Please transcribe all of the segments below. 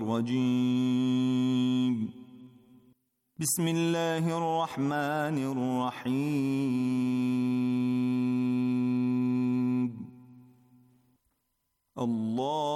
الرجيم بسم الله الرحمن الرحيم الله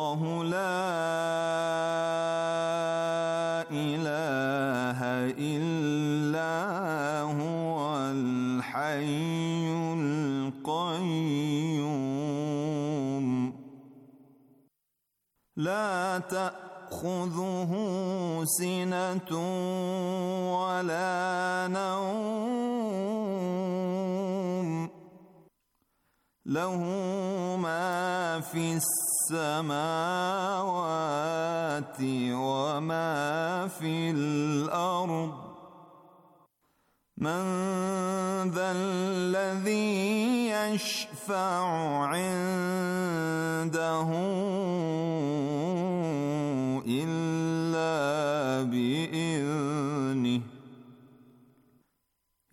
له ما في السماوات وما في الأرض من ذا الذي يشفع عنده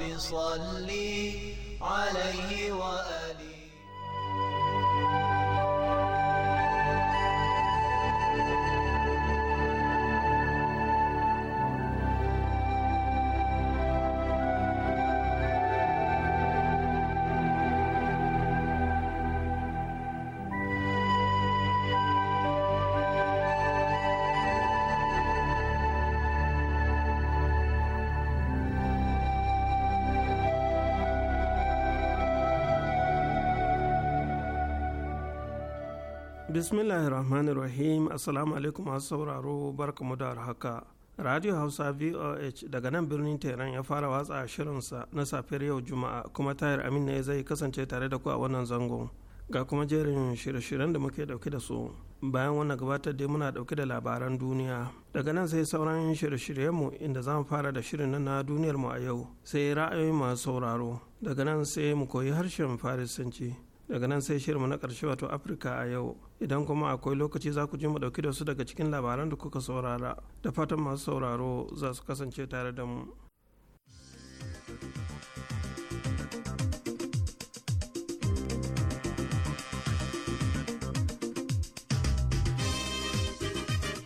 رب صلي عليه وآله bismillahir rahmanir rahim assalamu alaikum masu sauraro mu da haka radio hausa voh daga nan birnin tehran ya fara watsa shirinsa na safiyar yau juma'a kuma tayar amin ne zai kasance tare da ku a wannan zangon ga kuma jerin shirye-shiryen da muke dauke da su bayan wannan gabatar dai muna dauke da labaran duniya daga nan sai sauran shirye-shiryenmu inda za mu fara da shirin na duniyar mu a yau sai ra'ayoyin masu sauraro daga nan sai mu koyi harshen farisanci daga nan sai shirinmu na ƙarshe wato afirka a yau idan kuma akwai lokaci za ku ji mu ɗauki da su daga cikin labaran da kuka saurara da fatan masu sauraro za su kasance tare da mu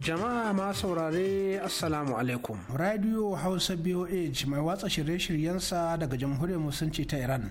jama'a ma saurare assalamu alaikum radio hausa boh mai watsa shirye-shiryensa daga jamhuriyar musulunci ta iran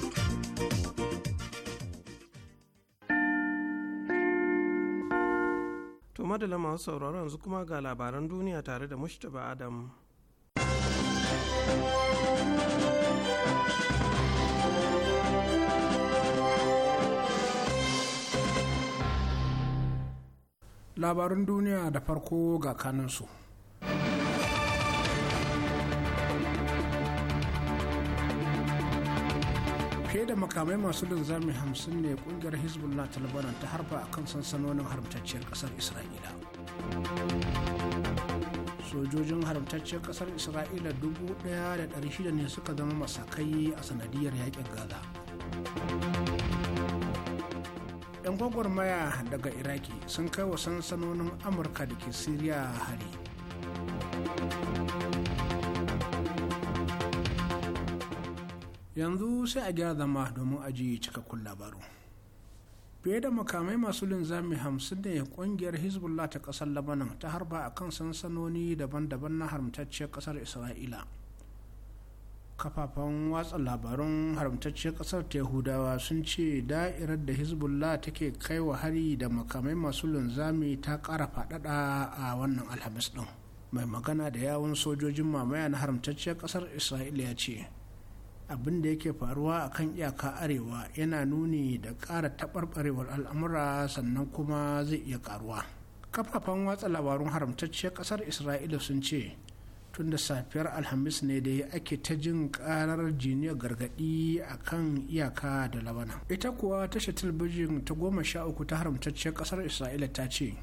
madala masu sauraro yanzu kuma ga labaran duniya tare da mushtaba adam labarin duniya da farko ga kanunsu da makamai masu linzami hamsin ne kungiyar hezbollah ta lebanon ta harba a kan sansanonin haramtacciyar kasar isra'ila sojojin haramtacciyar kasar isra'ila 1,600 ne suka zama masakai a sanadiyar yakin gaza yan gwagwarmaya daga iraki sun kai wa sansanonin amurka da ke siriya hari yanzu sai a gyara zama domin ajiye cikakkun labaru fiye da makamai masu linzami hamsin ne kungiyar hezbollah ta ƙasar labanan ta harba a kan sansanoni daban-daban na haramtacciyar ƙasar isra'ila kafafen watsa labarun haramtacciyar ƙasar ta yahudawa sun ce da'irar da hezbollah take kaiwa hari da makamai masu linzami ta ƙara faɗaɗa a wannan alhamis din mai magana da yawun sojojin mamaya na haramtacciyar ƙasar isra'ila ya ce abin da yake faruwa a kan iyaka arewa yana nuni da ƙara taɓarɓarewar al'amura sannan kuma zai iya ƙaruwa kafafen watsa labarun haramtacciyar ƙasar isra'ila sun ce tun da safiyar alhamis ne da ake ta jin ƙarar jiniyar gargaɗi a kan iyaka da labana ita kuwa tashar talabijin ta goma sha uku ta haramtacce ƙasar isra'ila ta ce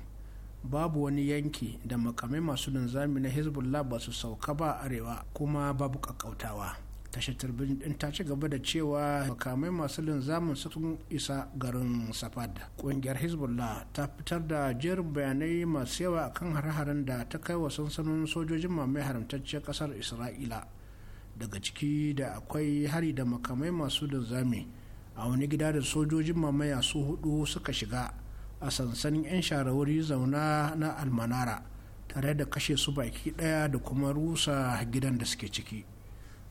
babu wani yanki da makamai masu linzami na hezbollah ba su sauka ba arewa kuma babu ƙaƙƙautawa tashar talbijin ta ci gaba da cewa makamai masu linzamin sun isa garin safad kungiyar hezbollah ta fitar da jerin bayanai masu yawa akan har-haren da ta kai wa sansanin sojojin mamaye haramtacciyar kasar isra'ila daga ciki da akwai hari da makamai masu linzami a wani gida da sojojin mamaya su hudu suka shiga a sansanin 'yan sharawari zauna na almanara tare da kashe su baki daya da kuma rusa gidan da suke ciki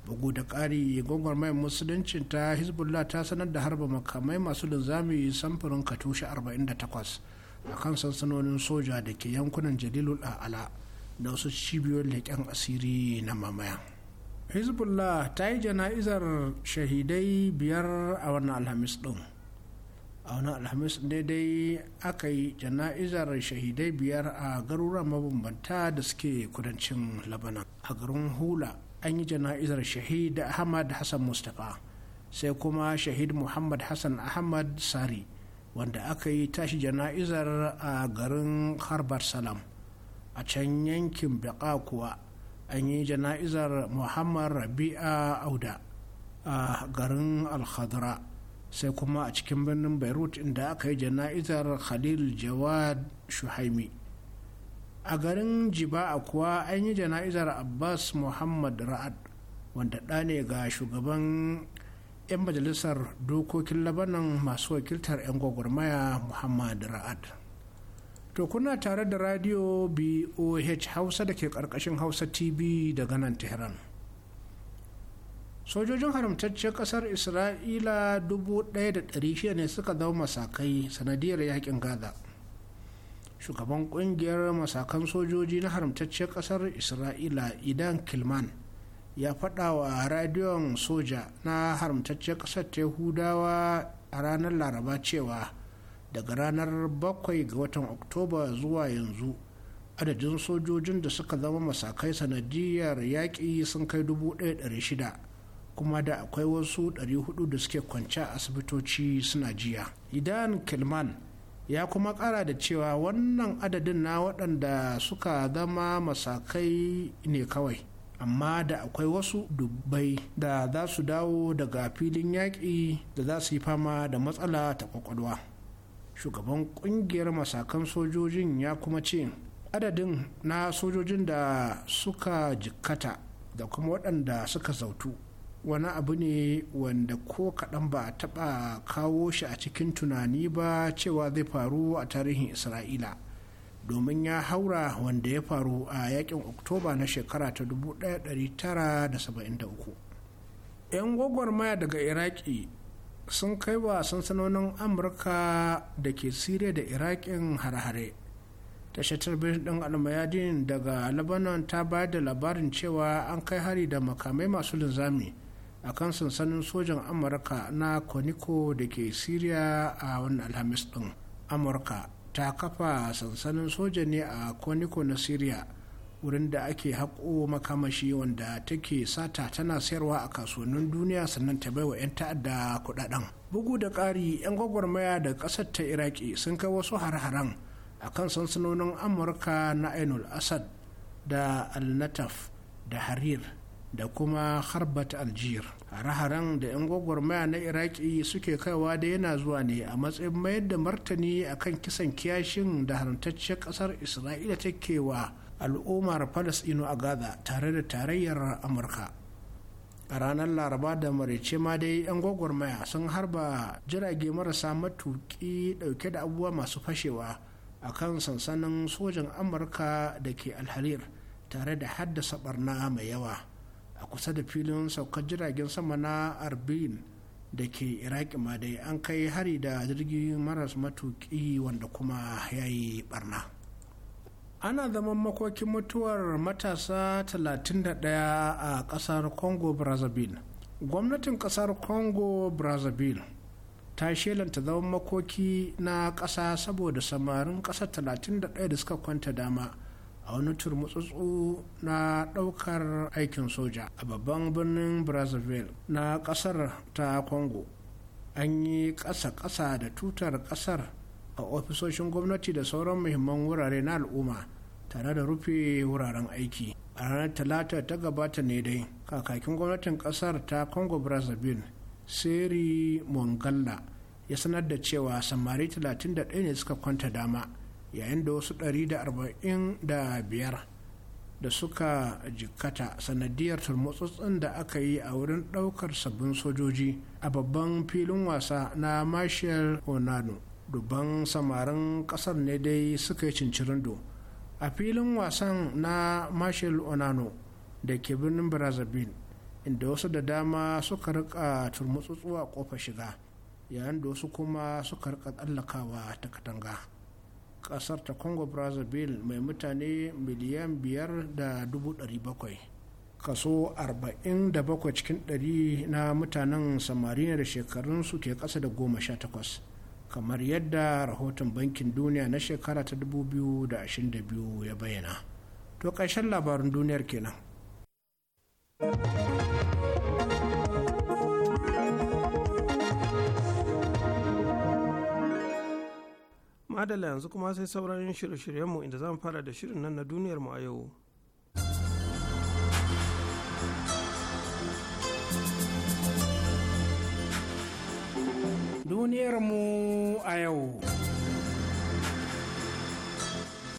bugu da ƙari gwagwarmayar musuluncin ta hezbollah ta sanar da harba makamai masu linzami samfurin katushe 48 a kan sansanonin soja da ke yankunan jalilul a'ala da wasu cibiyoyin leƙen asiri na mamaya hezbollah ta yi jana'izar shahidai biyar a wannan alhamis ɗin a wannan alhamis ne dai aka yi jana'izar shahidai biyar a garuruwan mabambanta da suke kudancin labanan a garin hula an yi jana'izar shahid ahmad hassan mustapha sai kuma shahid muhammad hassan ahmad sari wanda aka yi tashi jana'izar a garin harbar salam a can yankin baƙa kuwa an yi jana'izar muhammad rabi'a auda a garin alhadra sai kuma a cikin birnin beirut inda aka yi jana'izar khalil jawad shuhaimi a garin jiba'a kuwa an yi jana'izar abbas muhammad ra'ad wanda ɗa ne ga shugaban 'yan majalisar dokokin labanan masu wakiltar 'yan gwagwarmaya muhammad ra'ad to kuna tare da radio boh hausa da ke ƙarƙashin hausa tv daga nan tehran sojojin haramtaccen kasar isra'ila 1,600 ne suka zama masakai sanadiyar yakin gaza shugaban kungiyar masakan sojoji na haramtacciyar kasar isra'ila idan kilman ya faɗa wa radiyon soja na haramtacciyar kasar ta yahudawa a ranar laraba cewa daga ranar 7 ga watan oktoba zuwa yanzu adadin sojojin da suka zama masakai sanadiyar yaƙi sun kai 1,600 kuma da akwai wasu 400 da suke kwanci a asibitoci suna jiya idan kilman ya kuma kara da cewa wannan adadin na waɗanda suka zama masakai ne kawai amma da akwai wasu dubbai da za su dawo daga filin yaƙi da za su yi fama da matsala ta kwakwalwa shugaban ƙungiyar masakan sojojin ya kuma ce adadin na sojojin da suka jikkata da kuma waɗanda suka zautu wani abu ne wanda ko kaɗan ba a taɓa kawo shi a cikin tunani ba cewa zai faru a tarihin isra'ila domin ya haura wanda ya faru a yakin oktoba na shekara ta 1973 'yan gwagwarmaya daga iraki sun kai wa sansanonin amurka da ke siriya da iraqin har-hare tashar talabijin ɗin almayadin daga lebanon ta bayar da labarin cewa an kai hari da makamai masu linzami a kan sansanin sojan amurka na koniko da ke syria a wani alhamis din amurka ta kafa sansanin soja ne a koniko na syria wurin da ake haƙo makamashi wanda take sata tana sayarwa a kasuwannin duniya sannan ta baiwa 'yan ta'adda kudaden bugu da ƙari 'yan gwagwarmaya da ƙasar ta iraki sun kai wasu har-haren a kan sansanonin amurka na ainul asad da al-nataf da harir da kuma harbat aljir hare-haren da 'yan gwagwarmaya na iraki suke kaiwa da yana zuwa ne a matsayin mayar da martani akan kisan kiyashin da haramtacciyar kasar isra'ila ta kewa al'ummar palestino a gaza tare da tarayyar amurka a ranar laraba da maraice ma dai 'yan gwagwarmaya sun harba jirage marasa matuki dauke da abubuwa masu fashewa a kan sansanin sojan amurka da ke alharir tare da haddasa barna mai yawa kusa da filin saukar jiragen sama na arbin da ke iraki ma dai an kai hari da jirgin maras matuki wanda kuma ya yi barna ana zaman makokin mutuwar matasa 31 a kasar congo brazzaville gwamnatin kasar congo brazzaville ta shelanta zaman makoki na kasa saboda samarin kasa 31 da suka kwanta dama a wani turmutsutsu na ɗaukar aikin soja a babban birnin brazzaville na ƙasar ta congo an yi ƙasa-ƙasa da tutar ƙasar a ofisoshin gwamnati da sauran muhimman wurare na al'umma tare da rufe wuraren aiki a ranar talata ta gabata ne dai kakakin gwamnatin ƙasar ta congo brazzaville seri mongalla ya sanar da cewa samari 31 ne suka kwanta dama yayin da wasu 145 da suka jikkata sanadiyar turmutsutsun da aka yi a wurin ɗaukar sabbin sojoji a babban filin wasa na marshal onano dubban samarin ƙasar ne dai suka yi cincirindo a filin wasan na marshal onano da ke birnin brazzaville inda wasu da dama suka rika turmutsutsu a shiga yayin da wasu kuma suka rika tsallakawa ta katanga. kasar ta congo brazzaville mai mutane miliyan biyar da dubu bakwai kaso bakwai cikin 100 na mutanen samari ne da shekarunsu ke kasa da goma sha takwas kamar yadda rahoton bankin duniya na shekara ta biyu ya bayyana to ƙarshen labarin duniyar kenan madala yanzu kuma sai sauran shirye-shiryenmu inda zan fara da shirin nan na duniyar mu a yau duniyar mu a yau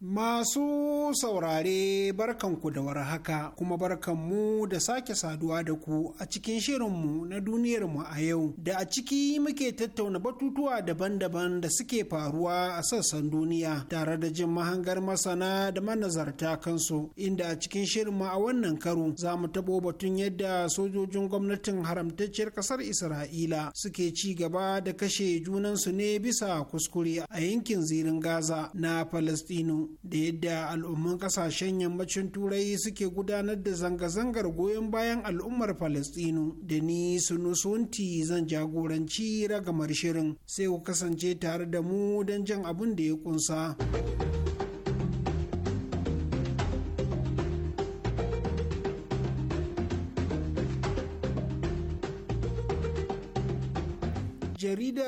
Masu saurare barkanku da warhaka kuma barkanmu da sake saduwa da ku a cikin shirinmu na duniyar mu a yau da a ciki muke tattauna batutuwa daban-daban da suke faruwa a sassan duniya tare da jin mahangar masana da manazarta kansu inda a cikin shirin mu a wannan karo za mu tabo batun yadda sojojin gwamnatin haramtacciyar kasar Isra'ila suke ci gaba da kashe junansu ne bisa kuskure a yankin zirin Gaza na Falastinu. da yadda al'umman kasashen yammacin turai suke gudanar da zanga-zangar goyon bayan al'ummar falastinu da ni sunusunti zan jagoranci ragamar shirin sai ku kasance tare da mu don jan abin da ya kunsa.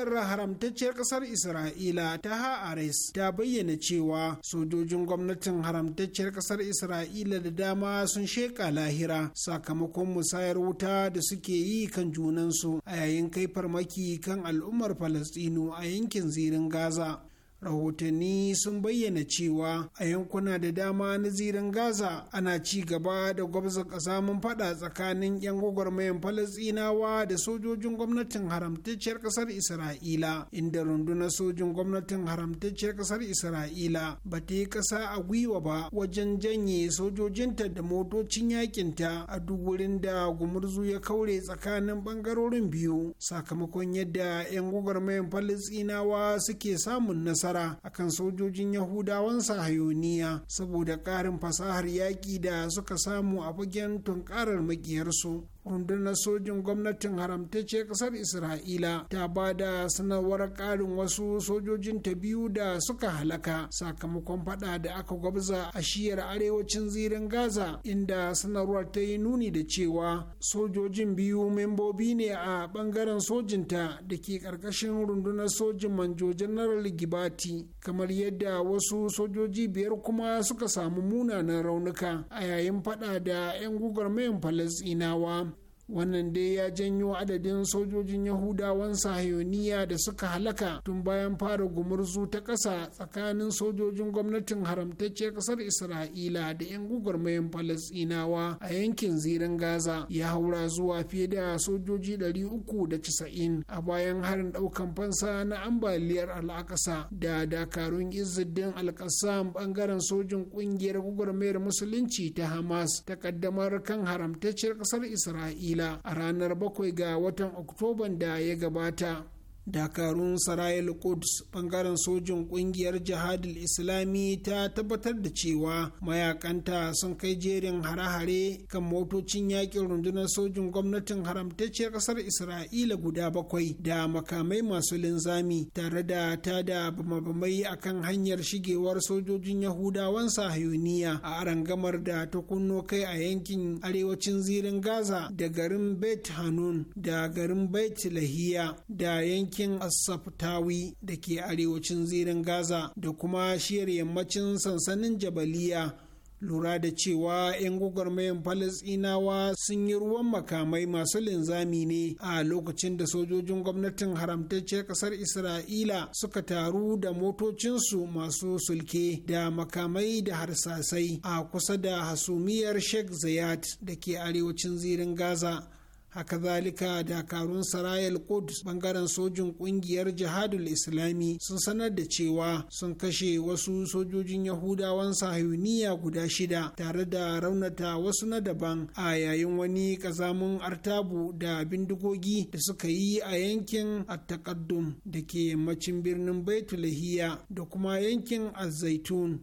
jakadiyar haramtacciyar kasar isra'ila ta ha'ares ta bayyana cewa sojojin gwamnatin haramtacciyar kasar isra'ila da dama sun sheƙa lahira sakamakon musayar wuta da suke yi kan junansu a yayin kai farmaki kan al'ummar falastinu a yankin zirin gaza rahotanni sun bayyana cewa a yankuna da dama na zirin gaza ana ci gaba da gwabza kasamin fada tsakanin 'yan gwagwarmayan falasinawa da sojojin gwamnatin haramtacciyar kasar isra'ila inda rundunar sojin gwamnatin haramtacciyar kasar isra'ila ba ta yi kasa a gwiwa ba wajen janye sojojinta da motocin yakinta a duk wurin da gumurzu ya kaure tsakanin bangarorin biyu sakamakon yadda 'yan gwagwarmayan falasinawa suke samun nasara nasara kan sojojin yahudawan sahayoniya saboda karin fasahar yaƙi da suka samu a fagen tunkarar makiyarsu rundunar sojin gwamnatin haramtacce kasar isra'ila ta ba da sanarwar karin wasu sojojin ta biyu da suka halaka sakamakon fada da aka gwabza a shiyar arewacin zirin gaza inda sanarwar ta yi nuni da cewa sojojin biyu membobi ne a bangaren sojinta da ke karkashin rundunar sojin manjo general gibati kamar yadda wasu sojoji biyar kuma suka samu munanan raunuka a yayin fada da 'yan mayan falasɗinawa wannan dai ya janyo adadin sojojin yahudawan sahayoniya da suka halaka tun bayan fara gumurzu ta ƙasa tsakanin sojojin gwamnatin haramtacce ƙasar isra'ila da 'yan gwagwarmayan falasinawa a yankin zirin gaza ya haura zuwa fiye da sojoji 390 a bayan harin ɗaukan fansa na ambaliyar al'akasa da dakarun izzuddin alƙasam ɓangaren sojin ƙungiyar gwagwarmayar musulunci ta hamas ta ƙaddamar kan haramtacciyar ƙasar isra'ila Allah a ranar bakwai ga watan oktoban da ya gabata dakarun sarayil quds bangaren sojin kungiyar jihadul islami ta tabbatar da cewa mayakanta sun kai jerin hare-hare kan motocin yakin rundunar sojin gwamnatin haramtacciyar kasar isra'ila guda bakwai da makamai masu linzami tare da ta da bamabamai akan hanyar shigewar sojojin yahudawan sahayuniya a arangamar da ta kunno kai a yankin arewacin zirin gaza da garin bet hanun da garin bet lahiya da yankin yankin asaftawi da ke arewacin zirin gaza da kuma shiyar yammacin sansanin jabaliya lura da cewa 'yan gwagwarmayan falasinawa sun yi ruwan makamai masu linzami ne a lokacin da sojojin gwamnatin haramtacce kasar isra'ila suka taru da motocinsu masu sulke da makamai da harsasai a kusa da hasumiyar sheikh zayat da ke arewacin zirin gaza haka zalika dakarun sarayal quds bangaren sojin kungiyar jihadul islami sun sanar da cewa sun kashe wasu sojojin yahudawan sahiyuniya guda shida tare da raunata wasu na daban a yayin wani kazamun artabu da bindigogi da suka yi a yankin attakaddum da ke yammacin birnin baitulahiya da kuma yankin azzaitun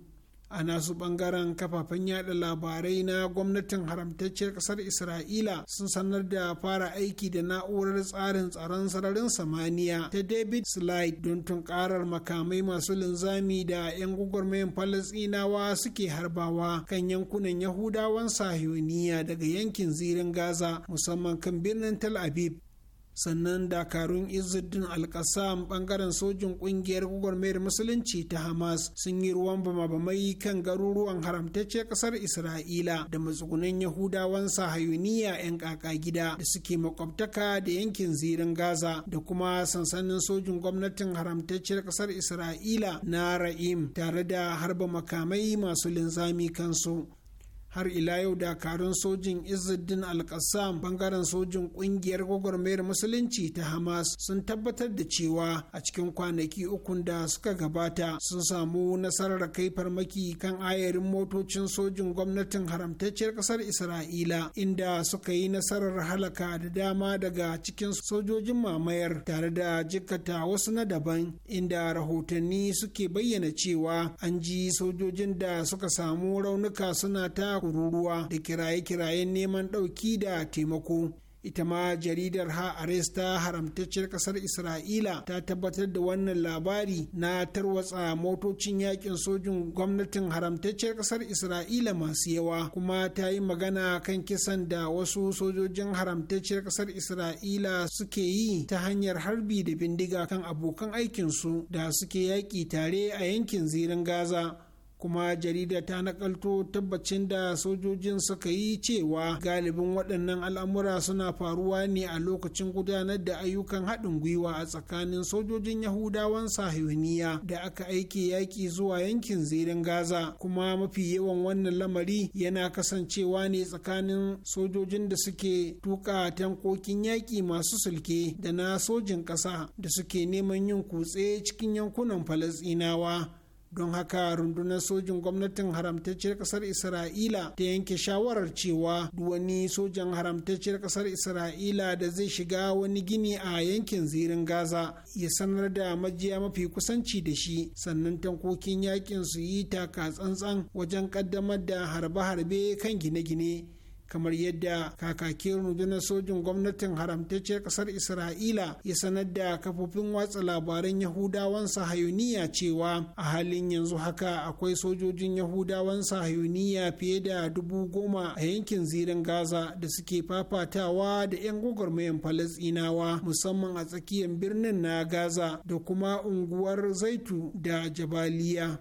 a nasu bangaren kafafen yada labarai na gwamnatin haramtacciyar kasar isra'ila sun sanar da fara aiki da na'urar tsarin tsaron sararin samaniya ta david slide don tunkarar makamai masu linzami da 'yan gwagwarmayin falasinawa suke harbawa kan yankunan yahudawan Sahuniya daga yankin zirin gaza musamman kan birnin tel aviv sannan dakarun izzuddin alkasam bangaren sojin kungiyar gwagwarmayar musulunci ta hamas sun yi ruwan bama kan garuruwan haramtacce kasar isra'ila da matsugunan yahudawan sahayuniya 'yan kaka gida da suke makwabtaka da yankin zirin gaza da kuma sansanin sojin gwamnatin haramtacciyar kasar isra'ila na ra'im tare da harba makamai masu linzami kansu har ila yau dakarun sojin izzuddin al bangaren sojin kungiyar gwagwarmayar musulunci ta hamas sun tabbatar da cewa a cikin kwanaki ukun da suka gabata sun samu nasarar kai farmaki kan ayarin motocin sojin gwamnatin haramtacciyar kasar isra'ila inda suka yi nasarar halaka da dama daga cikin sojojin mamayar tare da jikata wasu na daban inda rahotanni suke bayyana cewa an ji sojojin da suka samu raunuka suna ta kururuwa da kiraye-kirayen neman ɗauki da taimako ita ma jaridar ha'ares ta haramtacciyar kasar isra'ila ta tabbatar da wannan labari na tarwatsa motocin yakin sojin gwamnatin haramtacciyar kasar isra'ila masu yawa kuma ta yi magana kan kisan da wasu sojojin haramtacciyar kasar isra'ila suke yi ta hanyar harbi da bindiga kan abokan aikinsu da suke yaƙi tare a yankin zirin gaza kuma jarida ta nakalto tabbacin da sojojin suka yi cewa galibin waɗannan al'amura suna faruwa ne a lokacin gudanar da ayyukan haɗin gwiwa a tsakanin sojojin yahudawan sahiyoniya da aka aike yaƙi zuwa yankin zirin gaza kuma mafi yawan wannan lamari yana kasancewa ne tsakanin sojojin da suke tuka tankokin yaƙi masu sulke da na sojin ƙasa da suke neman yin kutse cikin yankunan falasɗinawa don haka rundunar sojin gwamnatin haramtacciyar kasar isra'ila ta yanke shawarar cewa wani sojan haramtacciyar kasar isra'ila da zai shiga wani gini a yankin zirin gaza ya sanar da majiya mafi kusanci da shi sannan tankokin yakin su yi taka tsantsan wajen kaddamar da harbe-harbe kan gine-gine kamar yadda kakakin rundunar sojin gwamnatin haramtacciyar kasar isra'ila ya sanar da kafofin watsa labaran yahudawan sahayuniya cewa a halin yanzu haka akwai sojojin yahudawan sahayuniya fiye da dubu goma a yankin zirin gaza da suke fafatawa da 'yan gwagwarmayan falasinawa musamman a tsakiyar birnin na gaza da kuma unguwar zaitu da jabaliya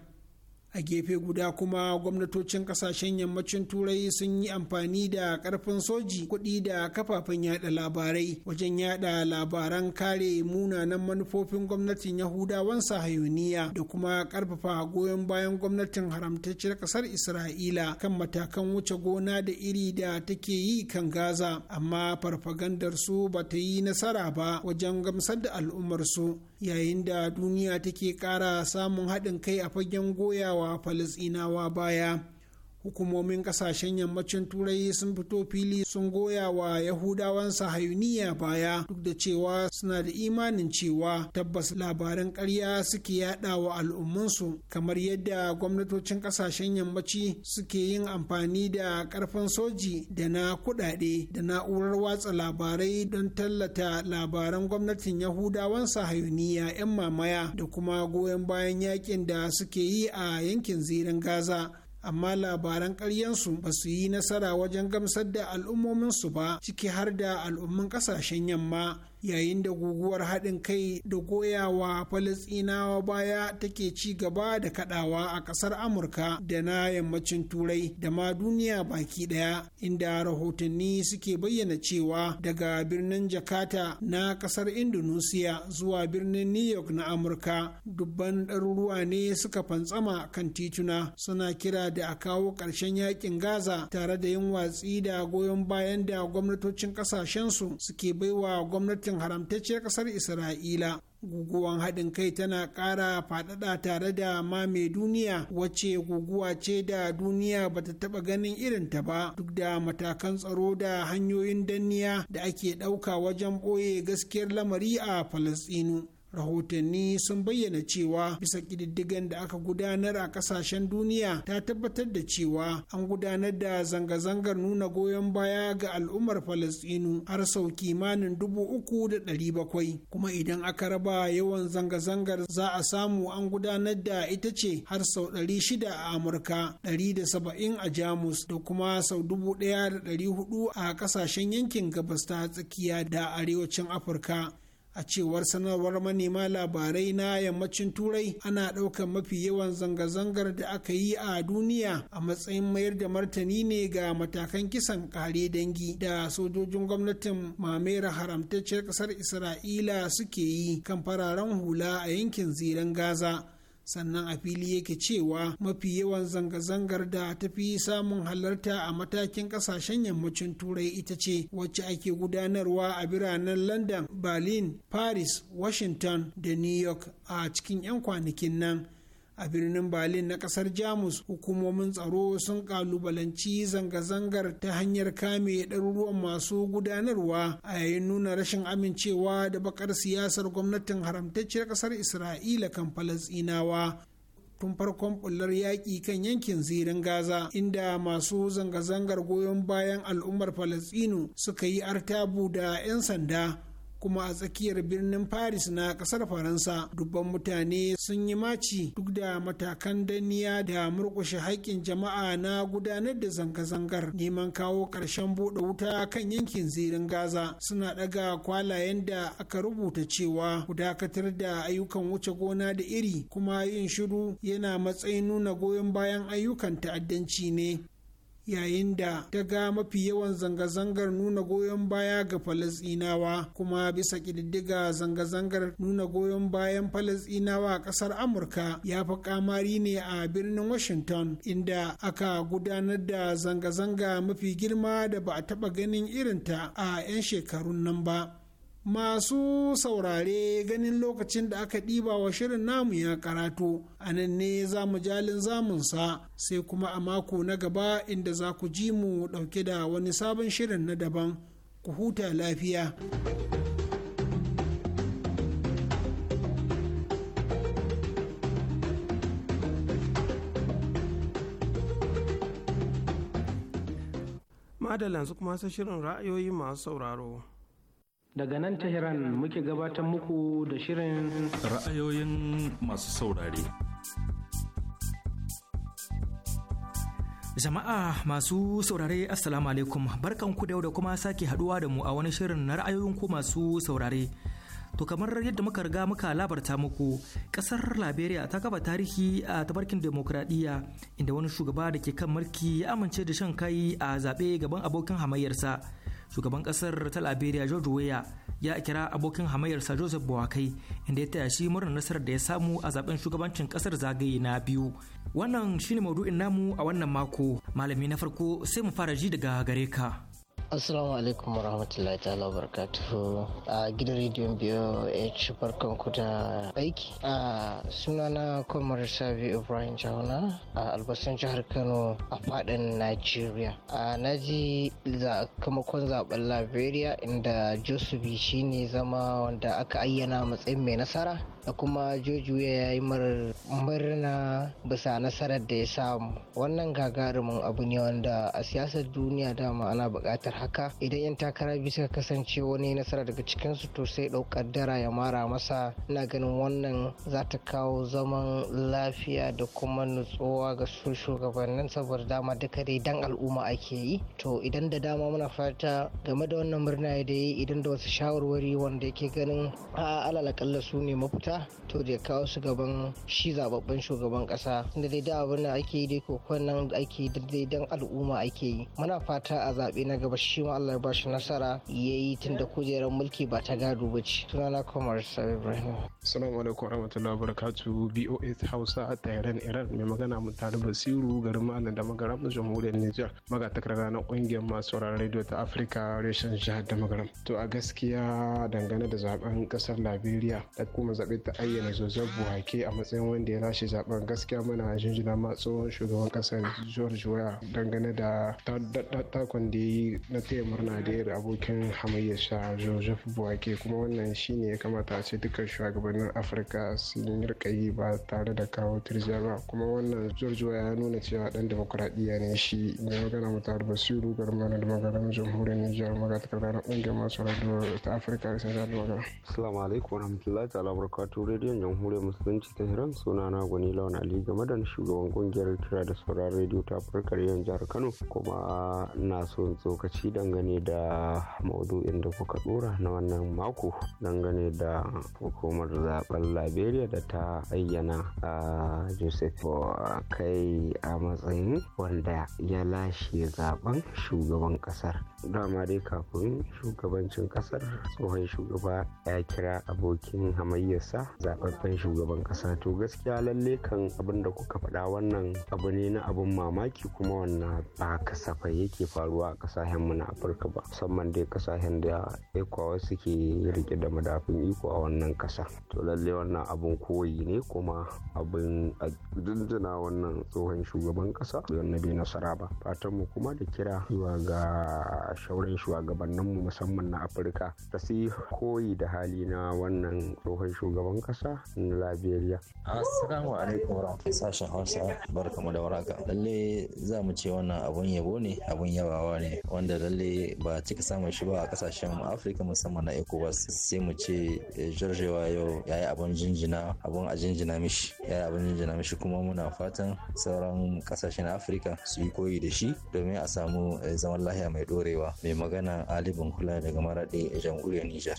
a gefe guda kuma gwamnatocin kasashen yammacin turai sun yi amfani da karfin soji kuɗi da kafafen yada labarai wajen yada labaran kare munanan manufofin gwamnatin yahudawan sahayuniya da kuma karfafa goyon bayan gwamnatin haramtacciyar kasar isra'ila kan matakan wuce gona da iri da take yi kan gaza amma farfagandar su ba ta yi nasara ba wajen gamsar da al'ummarsu. yayin da duniya take ƙara samun haɗin kai a fagen goyawa falasɗinawa baya hukumomin kasashen yammacin turai sun fito fili sun goya wa yahudawan sahayuniya baya duk da cewa suna da imanin cewa tabbas labaran ƙarya suke yada wa al'ummansu kamar yadda gwamnatocin kasashen yammaci suke yin amfani da karfin soji da na kudade da na'urar watsa labarai don tallata labaran gwamnatin yahudawan sahayuniya 'yan mamaya da kuma goyon bayan yakin da suke yi a yankin zirin gaza amma labaran ƙaryansu ba su yi nasara wajen gamsar da al'ummomin su ba ciki har da al'ummin ƙasashen yamma yayin da guguwar haɗin kai da goyawa Falasinawa baya take ci gaba da kaɗawa a ƙasar amurka da na yammacin turai da ma duniya baki ɗaya inda rahotanni suke bayyana cewa daga birnin jakarta na ƙasar indonesia zuwa birnin new york na amurka dubban ɗaruruwa ne suka fantsama kan tituna suna kira da a kawo ƙarshen yakin gaza tare da yin watsi da goyon bayan da gwamnatocin ƙasashensu suke baiwa gwamnati gwamnatin haramtacce ƙasar isra'ila guguwan haɗin kai tana ƙara faɗaɗa tare da ma mai duniya wacce guguwa ce da duniya ba ta taɓa ganin irinta ba duk da matakan tsaro da hanyoyin danniya da ake ɗauka wajen ɓoye gaskiyar lamari a falasɗinu rahotanni sun bayyana cewa bisa ƙididdigan da aka gudanar a ƙasashen duniya ta tabbatar da cewa an gudanar da zanga-zangar nuna goyon baya ga al'ummar falastinu har sau kimanin dubu uku da ɗari bakwai kuma idan aka raba yawan zanga-zangar za a samu an gudanar da ita ce har sau ɗari shida a amurka ɗari da saba'in a jamus da kuma sau dubu ɗaya da ɗari hudu a ƙasashen yankin gabas ta tsakiya da arewacin afirka a cewar sanarwar manema labarai na yammacin turai ana ɗaukar mafi yawan zanga-zangar da aka yi a duniya a matsayin mayar da martani ne ga matakan kisan kare dangi da sojojin gwamnatin mamera haramtacciyar ƙasar isra'ila suke yi kan fararen hula a yankin ziren gaza sannan a fili yake cewa mafi yawan zanga-zangar da ta fi samun halarta a matakin kasashen yammacin turai ita ce wacce ake gudanarwa a biranen london berlin paris washington da new york a cikin 'yan kwanakin nan a birnin berlin na kasar jamus hukumomin tsaro sun kalubalanci zanga-zangar ta hanyar kame ɗaruruwan masu gudanarwa a yayin nuna rashin amincewa da bakar siyasar gwamnatin haramtacciyar kasar isra'ila kan Falasinawa, tun farkon bullar yaƙi kan yankin zirin Gaza, inda masu zanga-zangar goyon bayan al'ummar Falasɗinu suka yi artabu da 'yan sanda kuma a tsakiyar birnin paris na kasar faransa dubban mutane sun yi maci duk da matakan daniya da murkushe haƙƙin jama'a na gudanar da zanga-zangar neman kawo ƙarshen buɗe wuta kan yankin zirin gaza suna ɗaga kwalayen da aka rubuta cewa ku dakatar da ayyukan wuce gona da iri kuma yin shiru yana matsayin nuna goyon bayan ayyukan ta'addanci ne yayin da ta ga mafi yawan zanga-zangar nuna goyon baya ga falasɗinawa kuma bisa ƙididdiga zanga-zangar nuna goyon bayan falasɗinawa a ƙasar amurka ya fi kamari ne a birnin washington inda aka gudanar da zanga-zanga mafi girma da ba a taɓa ganin irinta a 'yan shekarun nan ba masu saurare ganin lokacin da aka ɗiba wa shirin namu ya karatu a nan ne za mu jalin zamunsa sai kuma a mako na gaba inda za ku ji mu ɗauke da wani sabon shirin na daban ku huta lafiya. madalla kuma sa shirin ra'ayoyi masu sauraro. daga nan tehran muke gabatar muku da shirin ra'ayoyin masu saurare jama'a masu saurare assalamu alaikum barkanku da yau da kuma sake haduwa da mu a wani shirin na ra'ayoyin ku masu saurare To kamar yadda muka riga muka labarta muku kasar Liberia ta kafa tarihi a tabarkin demokradiyya inda wani shugaba da ke kan mulki ya amince da shan kai a zaɓe gaban abokin hamayyarsa shugaban kasar ta liberia george weah ya kira abokin hamayyarsa joseph bowakai inda ya taya shi murnar nasarar da ya samu a zaben shugabancin kasar zagaye na biyu wannan shine maudu'in namu a wannan mako malami na farko sai mu fara ji daga gare ka Assalamu alaikum rahmatullahi ta'ala barakatuhu a gidan rediyon biyo H barkan ku da aiki a sunana Kwamar Sabi Ibrahim Jauna a albasan jihar Kano a fadin Najeriya. A naji kamakon zaɓen Liberia inda Josubi shine zama wanda aka ayyana matsayin mai nasara da kuma jojuya ya yi murna bisa nasarar da ya samu wannan gagarumin abu ne wanda a siyasar duniya dama ana buƙatar haka idan yan takara biyu suka kasance wani nasara daga cikinsu to sai ɗaukar dara ya mara masa ina ganin wannan za ta kawo zaman lafiya da kuma nutsuwa ga su shugabannin saboda dama duka dai dan al'umma ake yi to idan da dama muna fata game da wannan murna da yi idan da wasu shawarwari wanda yake ganin a alalakalla su ne mafita to da kawo su gaban shi zababben shugaban kasa Da dai da abin da ake yi dai kokon nan ake dai dan al'umma ake yi muna fata a zaɓe na gaba shi ma Allah ya bashi nasara yayi tunda kujerar mulki ba ta gado ba ce sunana kamar sabi ibrahim assalamu alaikum warahmatullahi wabarakatuh boa hausa a tayaran iran mai magana mun tare basiru garin malam da magaram jamhuriyar niger takarda na kungiyar masu sauraron radio ta afirka reshen jihar da magaram to a gaskiya dangane da zaben kasar liberia da kuma zaɓe ta ayyana zozon buhake a matsayin wanda ya lashe zaben gaskiya muna jinjina ma tsohon shugaban kasar george waya dangane da takon da ya yi na taya murna da ya abokin hamayyarsa joseph buhake kuma wannan shine ya kamata a ce dukkan shugabannin afirka sun rika yi ba tare da kawo turjiya ba kuma wannan george waya ya nuna cewa dan demokuraɗiyya ne shi ne magana mu mutar basiru garmana da maganar jamhuriyar nijar magatakarda na ƙungiyar masu radio ta afirka da sanar da magana assalamu alaikum ta'ala wato rediyon jamhuriyar musulunci ta hiran suna na gwani lawan ali game da shugaban kungiyar kira da sauran rediyo ta afirka yawan jihar kano kuma na so tsokaci dangane da maudu'in da kuka dora na wannan mako dangane da hukumar zaben liberia da ta ayyana a joseph kai a matsayin wanda ya lashe zaben shugaban kasar dama dai kafin shugabancin kasar tsohon shugaba ya kira abokin hamayyarsa ƙasa zaɓaɓɓen shugaban ƙasa to gaskiya lalle kan abin da kuka faɗa wannan abu ne na abin mamaki kuma wannan ba kasafai yake faruwa a ƙasashen mu na afirka ba musamman dai ƙasashen da ekowa suke rike da madafin iko a wannan ƙasa to lalle wannan abin koyi ne kuma abin a jinjina wannan tsohon shugaban ƙasa na bai nasara ba fatan mu kuma da kira zuwa ga shauran shugabanninmu musamman na afirka ta koyi da hali na wannan tsohon shugaban shugaban kasa na Liberia. Assalamu alaikum sashen Hausa barkamu da waraka. Lalle za mu ce wannan abun yabo ne abun yabawa ne wanda lalle ba cika samun shi ba a kasashen Afirka musamman na ECOWAS sai mu ce eh, Georgewa yau yayi abun jinjina abun a jinjina mishi yayi abun jinjina mishi kuma muna fatan sauran kasashen Afirka su yi koyi da shi domin a samu eh, zaman lahiya mai dorewa mai magana Ali kula daga Maraɗi jamhuriyar Nijar.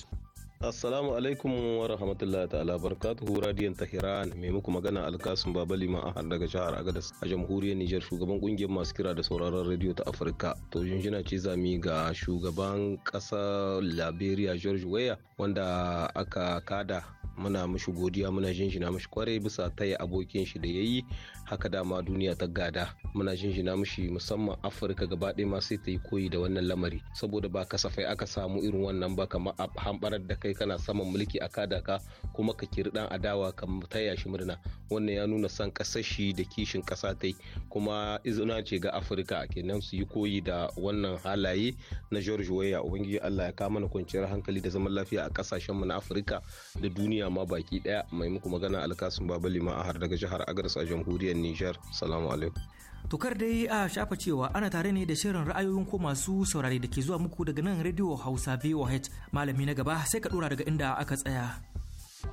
Assalamu alaikum wa rahmatullahi ta'ala barakatuhu radiyon Tahiran mai muku magana alkasun Baba Liman har daga jihar Agadas a jamhuriyar Nijar shugaban kungiyar masu kira da sauraron rediyo ta Afirka. To jinjina ce zami ga shugaban ƙasa Liberia George Weah wanda aka kada muna mashi godiya muna jinjina mashi kwarai bisa taya abokin shi da yayi haka dama duniya ta gada muna jinjina mushi musamman afirka gaba ɗaya ma sai ta yi koyi da wannan lamari saboda ba kasafai aka samu irin wannan ba kamar a hambarar da kai kana saman mulki a kada kuma ka kiri dan adawa ka ta yashi murna wannan ya nuna san kasashi da kishin kasa tai kuma izina ce ga afirka kenan su yi koyi da wannan halaye na george waya ubangiji allah ya kama na kwanciyar hankali da zaman lafiya a kasashen mu na afirka da duniya ma baki daya mai muku magana alkasun baba lima a har daga jihar agadas a jamhuriyar Nijar. Salamu alaikum. Tukar dai a shafa cewa ana tare ne da shirin ra'ayoyin ko masu saurare da ke zuwa muku daga nan Radio Hausa VOH. Malami na gaba sai ka dora daga inda aka tsaya.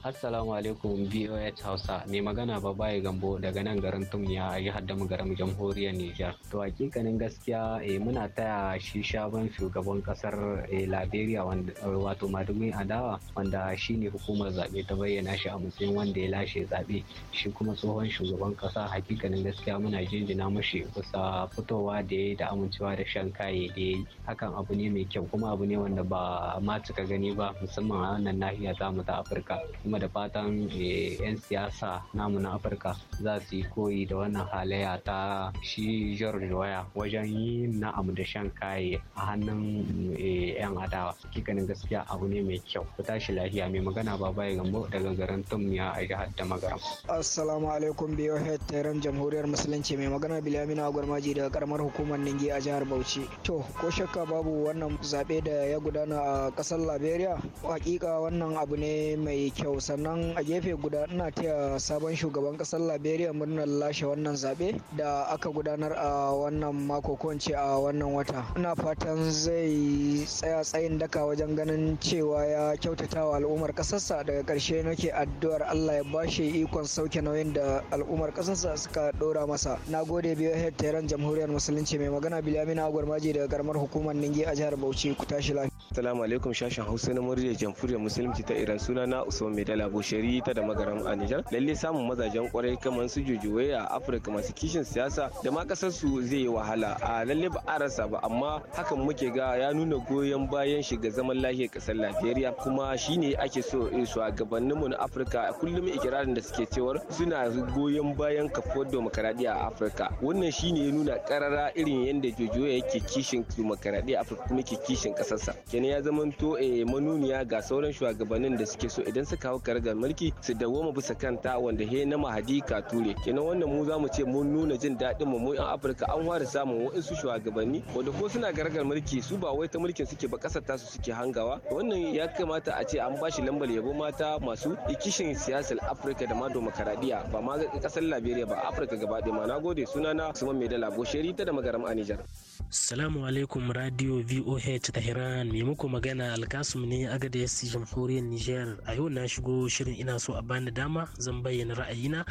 Assalamu alaikum BOH Hausa mai magana ba babaye gambo daga nan garin Tumiya a jihar garin jamhuriyar Nijar. To hakikanin gaskiya eh, muna taya shi shaban shugaban kasar eh, Liberia eh, wato Madumi Adawa wanda shi ne hukumar zaɓe ta bayyana shi a matsayin wanda ya lashe zaɓe. Shi kuma tsohon shugaban kasa hakikanin gaskiya muna jinjina mashi kusa fitowa da ya da amincewa da shan kaye da ya yi. Hakan abu ne mai kyau kuma abu ne wanda ba ma cika gani ba musamman a wannan nahiya mu ta Afirka. kuma da fatan eh, 'yan siyasa namu na afirka za su yi koyi da wannan halayya ta shi george waya wajen yi na'am da shan kaye a hannun eh, 'yan adawa kikanin gaskiya abu ne mai kyau ku tashi lafiya mai magana ba bai gambo daga garin tumya a jihar da magaram assalamu alaikum biyo taron jamhuriyar musulunci mai magana bilamina gwarmaji daga karamar hukumar ningi a jihar bauchi to ko shakka babu wannan zaɓe da ya gudana a ƙasar liberia hakika wannan abu ne mai kyau kyau sannan a gefe guda ina taya sabon shugaban kasar liberia murnar lashe wannan zaɓe da aka gudanar a wannan mako ko a wannan wata ina fatan zai tsaya tsayin daka wajen ganin cewa ya kyautata wa al'ummar kasarsa daga ƙarshe nake addu'ar allah ya bashi ikon sauke nauyin da al'ummar kasarsa suka ɗora masa na gode biyo head taron jamhuriyar musulunci mai magana bilamina agwarmaji daga karamar hukumar Ningi a jihar bauchi ku tashi lafiya assalamu alaikum shashin hausa na muryar jamhuriyar musulunci ta iran suna na usman mai dala bushari ta da magaran a Nijar lalle samun mazajen kwarai kamar su jujuwai a Afirka masu kishin siyasa da ma kasar su zai yi wahala a lalle ba a rasa ba amma hakan muke ga ya nuna goyon bayan shiga zaman lafiyar kasar Liberia kuma shine ake so eh, gabanin mu na Afirka kullum ikirarin da suke cewar suna goyon bayan kafuwar demokaradiyya a Afirka wannan shine ya nuna karara irin yadda jojo yake kishin demokaradiyya a Afirka kuma yake kishin kasarsa kenan ya zamanto eh, manuniya ga sauran shugabannin da suke so idan suka kawo karagar mulki su dawoma bisa kanta wanda he na mahadi ka ture. kenan wannan mu zamu ce mun nuna jin daɗin mu mu yan afirka an ware samun wa'insu shugabanni wanda ko suna karagar mulki su ba wai ta mulkin suke ba kasar tasu suke hangawa wannan ya kamata a ce an bashi lambar yabo mata masu ikishin siyasar afirka da ma demokaradiyya ba ma ga kasar liberia ba afirka gaba ɗaya ma na gode sunana usman mai dala gosheri ta da magaram a nijar. Salamu alaikum Radio VOH Tehran mai muku magana Alkasum ne a Agadez Jamhuriyar Nijar. A yau na shigo shirin ina so a bani dama zan bayyana ra'ayina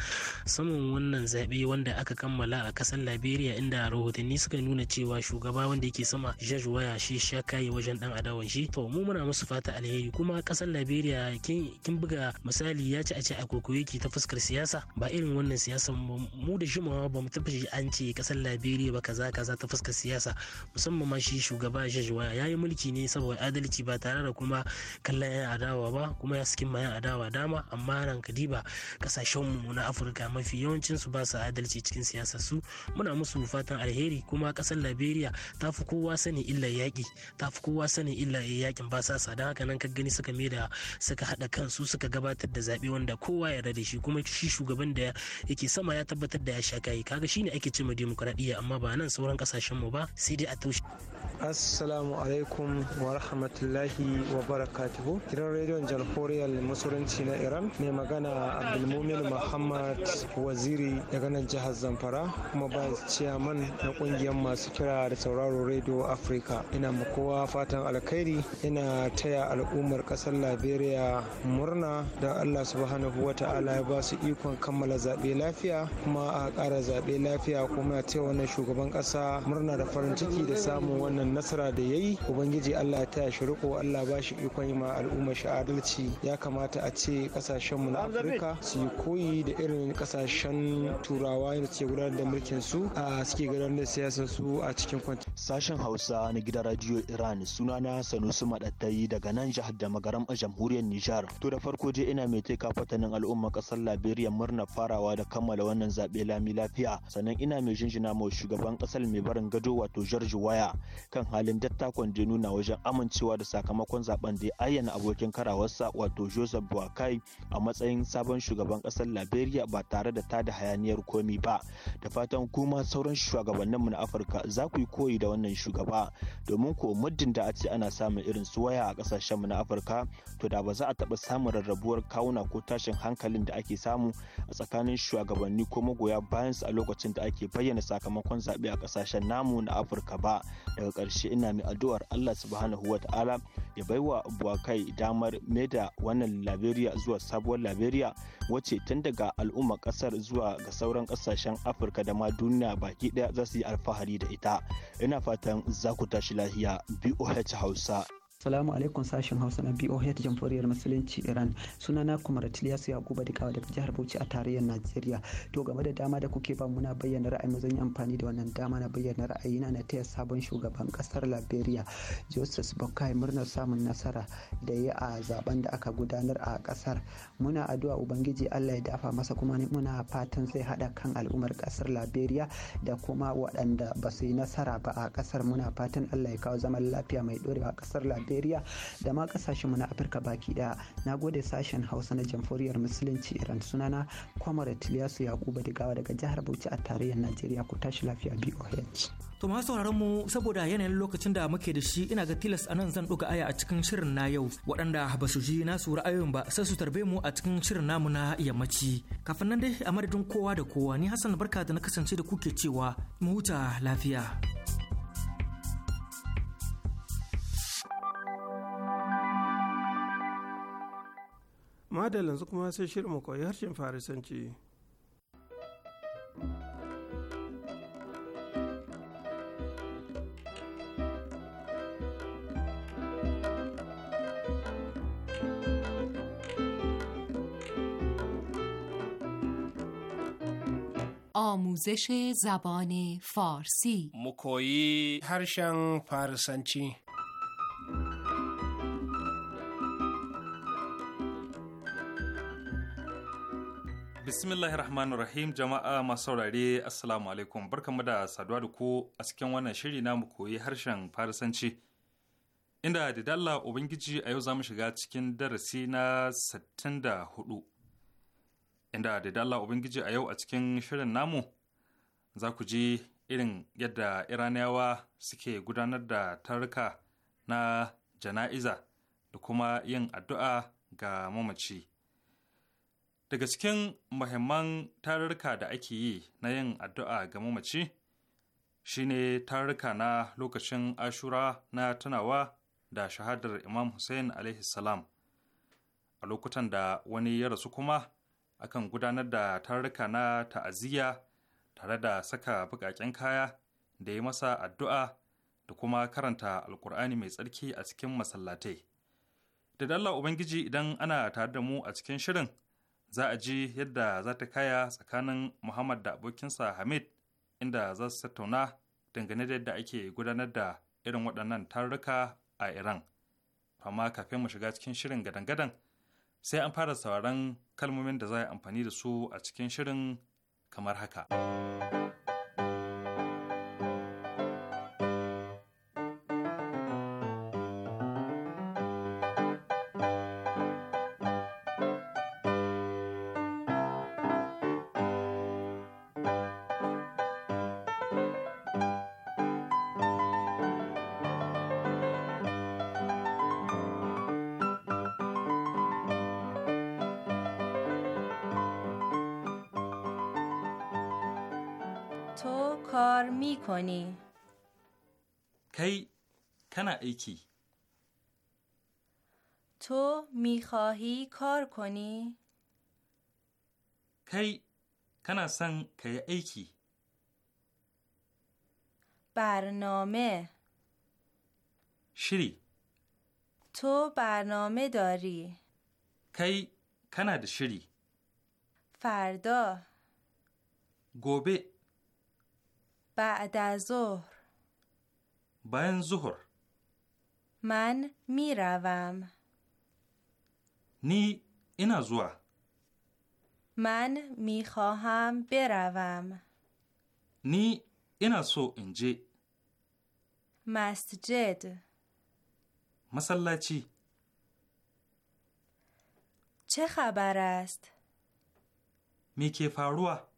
saman wannan zaɓe wanda aka kammala a ƙasar Liberia inda rahotanni suka nuna cewa shugaba wanda yake sama George Waya shi sha kai wajen ɗan adawan shi. To mu muna musu fata alheri kuma ƙasar Liberia kin buga misali ya ci a ce a kokoye ki ta fuskar siyasa ba irin wannan siyasa mu da shi ma ba mu tafi an ce ƙasar Liberia ba kaza kaza ta fuskar siyasa siyasa musamman ma shi shugaba ya waya ya yi mulki ne saboda adalci ba tare da kuma kallon yan adawa ba kuma ya sakin ma yan adawa dama amma nan kadiba kasashen mu na afirka mafi yawancin su ba su adalci cikin siyasa su muna musu fatan alheri kuma kasar liberia ta fi kowa sani illa yaƙi ta fi kowa sani illa yaƙin ba sasa don haka nan ka gani suka mai da suka haɗa kansu suka gabatar da zaɓe wanda kowa ya da shi kuma shi shugaban da yake sama ya tabbatar da ya sha kayi kaga shine ake cewa dimokuraɗiyya amma ba nan sauran kasashen mu ba sai dai a assalamu alaikum wa rahmatullahi wa barakatuhu gidan rediyon jamhuriyar musulunci na iran mai magana abdulmumin muhammad waziri daga nan jihar zamfara kuma ba ciyaman na kungiyar masu kira da sauraron rediyo afirka ina ma kowa fatan alkhairi ina taya al'ummar kasar liberia murna da allah subhanahu wa ta'ala ya ba su ikon kammala zaɓe lafiya kuma a ƙara zaɓe lafiya kuma a taya wannan shugaban ƙasa murna da farin ciki da samun wannan nasara da ya yi ubangiji allah ya taya riko allah ba shi ikon ma al'umma shi adalci ya kamata a ce mu na afirka su yi koyi da irin kasashen turawa da ke gudanar da mulkin su a suke gudanar da siyasar su a cikin kwanci. sashen hausa na gidan radio iran suna sunana sanusi maɗattayi daga nan jihar da magaram a jamhuriyar nijar to da farko je ina mai taika fatanin al'umma kasar liberia murna farawa da kammala wannan zaɓe lami lafiya sannan ina mai jinjina ma shugaban kasar mai barin gado wa wato George Waya kan halin dattakon da nuna wajen amincewa da sakamakon zaben da ya ayyana abokin karawarsa wato Joseph Boakai a matsayin sabon shugaban kasar Liberia ba tare da tada hayaniyar komi ba. Da fatan kuma sauran mu na Afirka za ku yi koyi da wannan shugaba domin ko muddin da a ce ana samun irin su waya a kasashen mu na Afirka to da ba za a taɓa samun rarrabuwar kawuna ko tashin hankalin da ake samu a tsakanin shugabanni ko magoya bayansu a lokacin da ake bayyana sakamakon zaɓe a kasashen namu na Afirka ba. Daga ƙarshe ina mai addu'ar Allah subhanahu wa ta'ala ya baiwa Buakai damar meda wannan Liberia zuwa sabuwar Liberia wacce tun daga al'umma ƙasar zuwa ga sauran ƙasashen Afirka da ma duniya baki ɗaya za su yi alfahari da ita. Ina fatan za ku tashi lahiya BOH Hausa Salamu alaikum sashen Hausa na BOH Jamhuriyar Musulunci Iran. Suna na kuma Ratiliyasu Yakuba da kawo daga jihar Bauchi a tarayyar Najeriya. To game da dama da kuke ba muna bayyana ra'ayi mu zan yi amfani da wannan dama na bayyana ra'ayi na taya sabon shugaban kasar Liberia Joseph Boakai murnar samun nasara da ya a zaben da aka gudanar a kasar muna addu'a ubangiji allah ya dafa masa kuma muna fatan zai haɗa kan al'ummar ƙasar liberia da kuma waɗanda ba su yi nasara ba a ƙasar muna fatan allah ya kawo zaman lafiya mai ɗorewa a ƙasar liberia da ma ƙasashen mu na afirka baki daya na gode sashen hausa na jamhuriyar musulunci iran sunana kwamar tiliyasu yakuba digawa daga jihar bauchi a tarayyar najeriya ku tashi lafiya boh To masu sauraron mu saboda yanayin lokacin da muke da shi ina ga tilas a nan zan ɗuga aya a cikin shirin na yau waɗanda ba su ji nasu ra'ayoyin ba sai su tarbe mu a cikin shirin namu na yammaci. Kafin nan dai a madadin kowa da kowa ni Hassan barka da na kasance da kuke cewa mu huta lafiya. madalin kuma sai shirin mu koyi harshen farisanci آموزش زبان فارسی مکویی هرشن فارسنچی Bismillahir Rahmanir Rahim jama'a masu saurare Assalamu alaikum barkamu da saduwa da ku a wannan shiri na mu koyi harshen Farisanci. Inda da dalla Ubangiji a yau za mu shiga cikin darasi na sittin da 64 inda da dalla ubangiji a yau a cikin shirin namu za ku ji irin yadda iraniyawa suke gudanar da taruka na jana'iza da kuma yin addu'a ga mamaci daga cikin muhimman tarurruka da ake yi na yin addu'a ga mamaci shine tarurruka na lokacin ashura na tunawa da shahadar imam hussein salam a lokutan da wani ya rasu kuma akan gudanar da tarurruka na ta'aziyya tare da saka buƙaƙen kaya da yi masa addu'a da kuma karanta alkur'ani mai tsarki a cikin masallatai da dalla ubangiji idan ana tare da mu a cikin shirin za a ji yadda za ta kaya tsakanin muhammad da abokinsa hamid inda za su tattauna dangane da yadda ake gudanar da irin waɗannan tarurruka a iran amma kafin mu shiga cikin shirin gadan-gadan sai an fara sauraron kalmomin da za a yi amfani da su a cikin shirin kamar haka. تو کار می کنی کی کنا ایکی تو می خواهی کار کنی کی کنا سن کی ایکی برنامه شری تو برنامه داری کی کنا شری فردا گوبه بعد از ظهر باین ظهر من میروم نی اینا زوا من میخواهم بروم نی اینا سو انجی مسجد مسلاچی چه خبر است میکی فاروا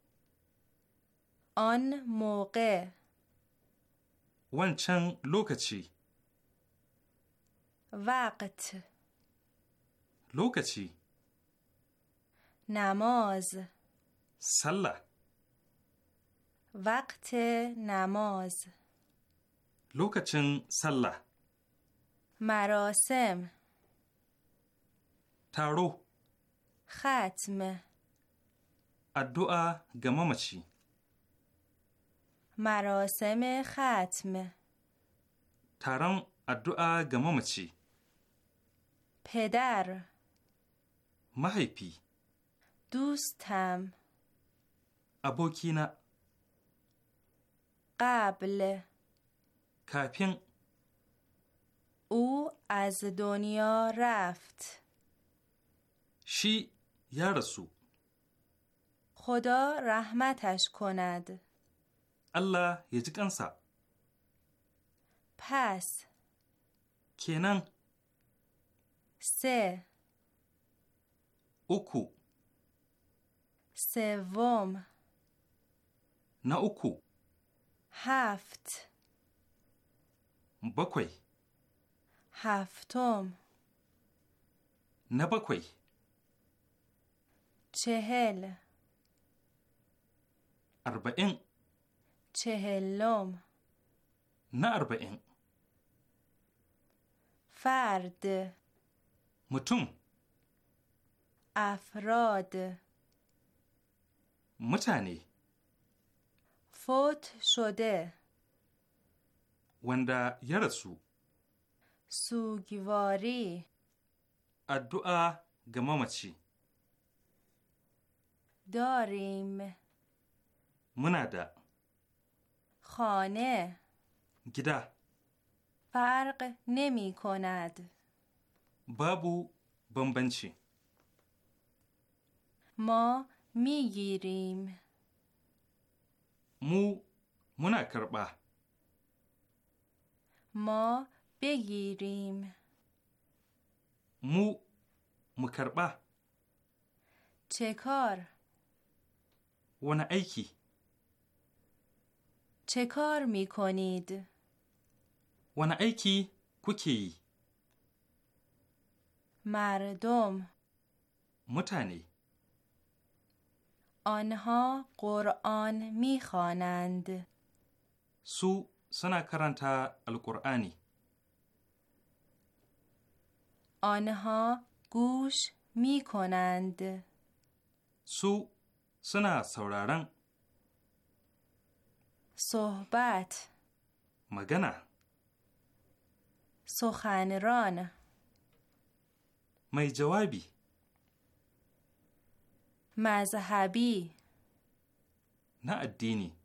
آن موقع چن لوکچی وقت لوکچی نماز سله وقت نماز لوکچن سله مراسم تارو ختم الدعا گمامچی مراسم ختم تران ادعا گمامچی پدر محیپی دوستم ابوکینا قبل کپین او از دنیا رفت شی یا خدا رحمتش کند Allah ya ji kansa. Pass. Kenan. Se. Uku. Sevom. na uku Haft. bakwai Haftom. na bakwai Chehel. arba'in چهلم نه اربعین فرد متون افراد متانی فوت شده وندا یرسو سوگواری الدعا گمامچی داریم منادا خانه گیده فرق نمی کند بابو بمبنچی ما میگیریم مو منا ما بگیریم مو مکربا چه کار ونه ایکی چه کار می کنید؟ ون ایکی کوکی مردم متنی آنها قرآن می خوانند. سو سنا کرانتا القرآنی آنها گوش می کنند. سو سنا سورارن صحبت مگنا سخنران می جوابی مذهبی نه دینی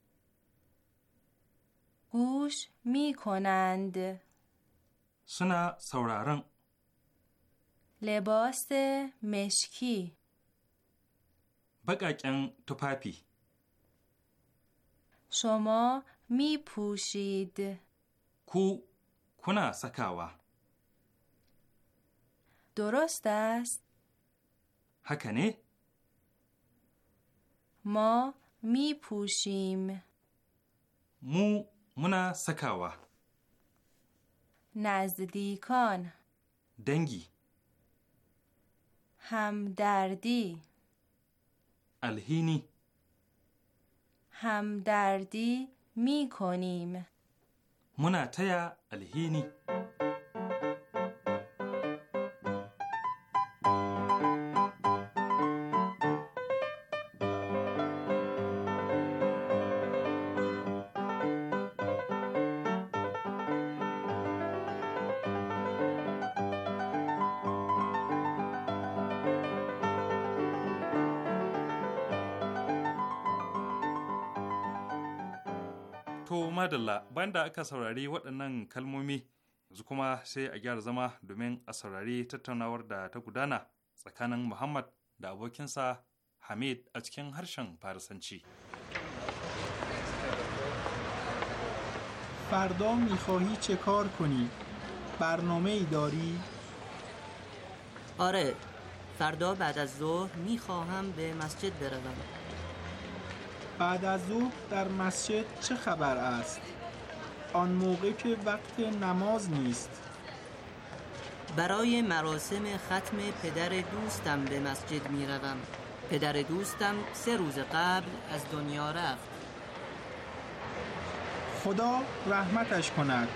گوش میکنند کنند سنا سورارن لباس مشکی بقاقن توپاپی شما می پوشید کو کنا سکاوا درست است هکنه ما می پوشیم مو منا سکاوا نزدیکان دنگی همدردی الهینی همدردی می کنیم. منا الهینی To madalla banda aka saurari waɗannan kalmomi yanzu kuma sai a gyara zama domin a saurari tattaunawar da ta gudana tsakanin Muhammad da abokinsa Hamid a cikin harshen Farisanci. فردا میخواهی چه کار کنی؟ برنامه ای داری؟ آره فردا بعد از ظهر میخواهم به مسجد بروم بعد از ظهر در مسجد چه خبر است؟ آن موقع که وقت نماز نیست برای مراسم ختم پدر دوستم به مسجد می روم. پدر دوستم سه روز قبل از دنیا رفت خدا رحمتش کند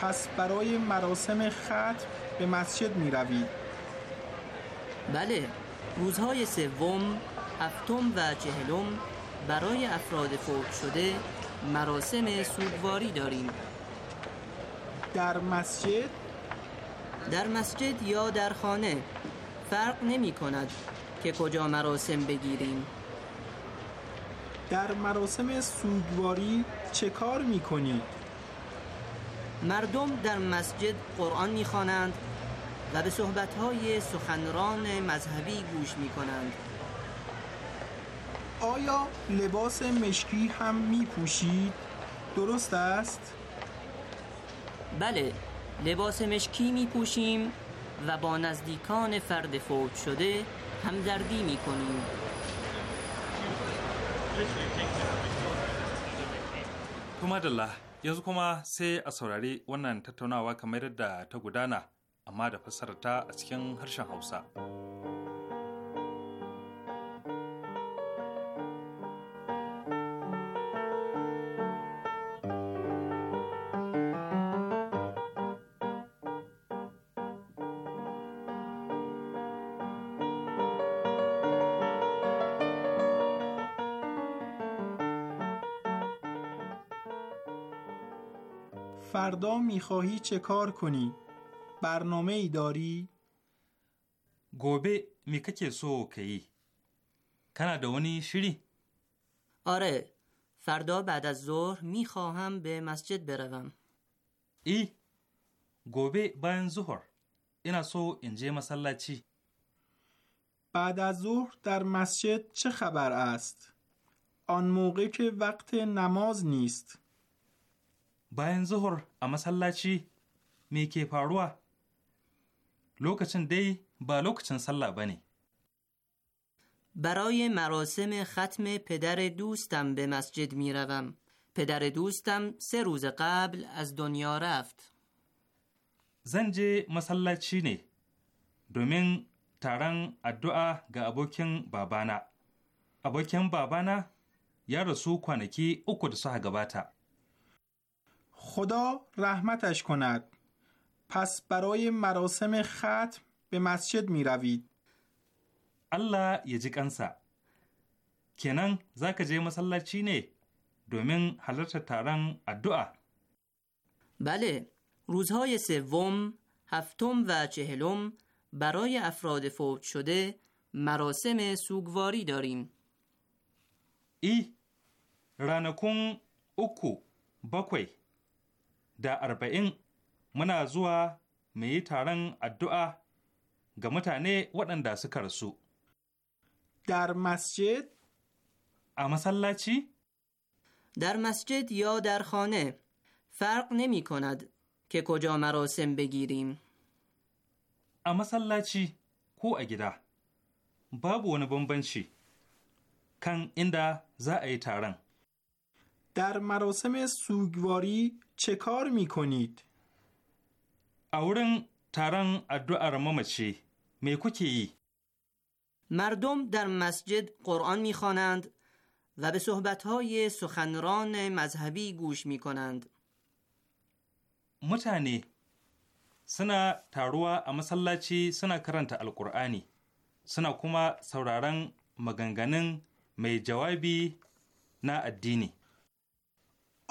پس برای مراسم ختم به مسجد می روی. بله روزهای سوم هفتم و چهلم برای افراد فوت شده مراسم سوگواری داریم در مسجد؟ در مسجد یا در خانه فرق نمی کند که کجا مراسم بگیریم در مراسم سوگواری چه کار می کنید؟ مردم در مسجد قرآن می خوانند و به صحبتهای سخنران مذهبی گوش می کنند آیا لباس مشکی هم می پوشید؟ درست است؟ بله لباس مشکی می پوشیم و با نزدیکان فرد فوت شده همدردی می کنیم Tuma Dalla yanzu kuma sai a saurari wannan tattaunawa kamar yadda ta gudana amma da از a cikin harshen فردا میخواهی چه کار کنی؟ برنامه ای داری؟ گوبه میکه سو کی؟ دونی شیری؟ آره فردا بعد از ظهر میخواهم به مسجد بروم ای گوبه باین ظهر اینا سو انجه چی بعد از ظهر در مسجد چه خبر است؟ آن موقع که وقت نماز نیست bayan zuhur a masallaci me ke faruwa lokacin dai ba lokacin sallah ba ne برای مراسم ختم پدر دوستم به مسجد می روم. پدر دوستم سه روز قبل از دنیا رفت. زنج مسلچی نه دومین تران ادعا گا ابوکین بابانا. ابوکین بابانا یا رسو کنکی uku da suka gabata. خدا رحمتش کند پس برای مراسم ختم به مسجد می روید الله یه ji kansa کنن za ka حالت چی ne دومین بله روزهای سوم هفتم و چهلم برای افراد فوت شده مراسم سوگواری داریم ای رانکون اوکو باکوی da arba'in muna zuwa mu yi taron addu'a ga mutane waɗanda suka rasu. Dar masjid? A masallaci? Dar masjid yo dar khane, farq nemi konad ke kojo marasim begirim. A masallaci ko a gida, babu wani bambanci kan inda za a yi taron. Dar marasimin sugwari چه کار می کنید؟ اورن تران ادعا ممچی میکوکی مردم در مسجد قرآن میخوانند و به صحبتهای سخنران مذهبی گوش می کنند. متعنی سنا تاروا a masallaci suna karanta alkur'ani suna kuma sauraron maganganun mai jawabi na addini.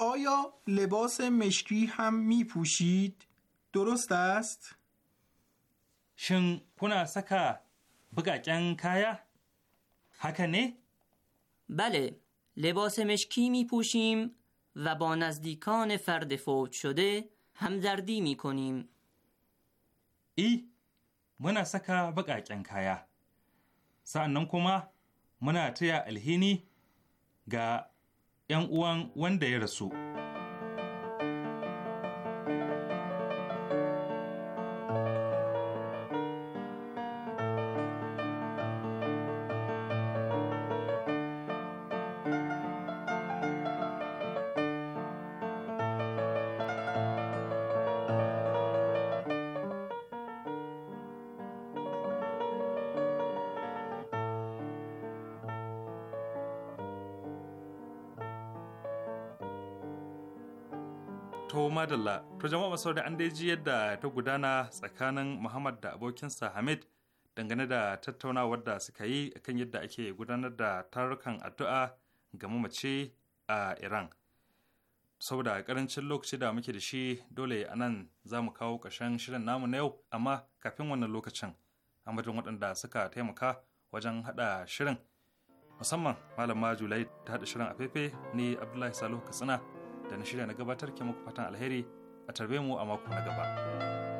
آیا لباس مشکی هم می پوشید؟ درست است؟ شن کنا سکا جن کایا؟ حکنه؟ بله لباس مشکی می پوشیم و با نزدیکان فرد فوت شده همدردی می کنیم ای muna saka baƙaƙen کایا sa'an کما منا تیا الهینی گا 'yan uwan wanda ya rasu. To madalla, to jama'a masu da an daji yadda ta gudana tsakanin Muhammad da abokinsa Hamid dangane da tattaunawar da suka yi kan yadda ake gudanar da tarukan addu'a ga mamace a Iran. Saboda karancin lokaci da muke da shi dole a nan za mu kawo ƙarshen shirin namu na yau, amma kafin wannan lokacin, a waɗanda suka taimaka wajen haɗa shirin. musamman malama julai ta haɗa shirin a ne ni abdullahi salihu katsina da na shirya na gabatar ke muku fatan alheri a tarbe mu a mako na gaba.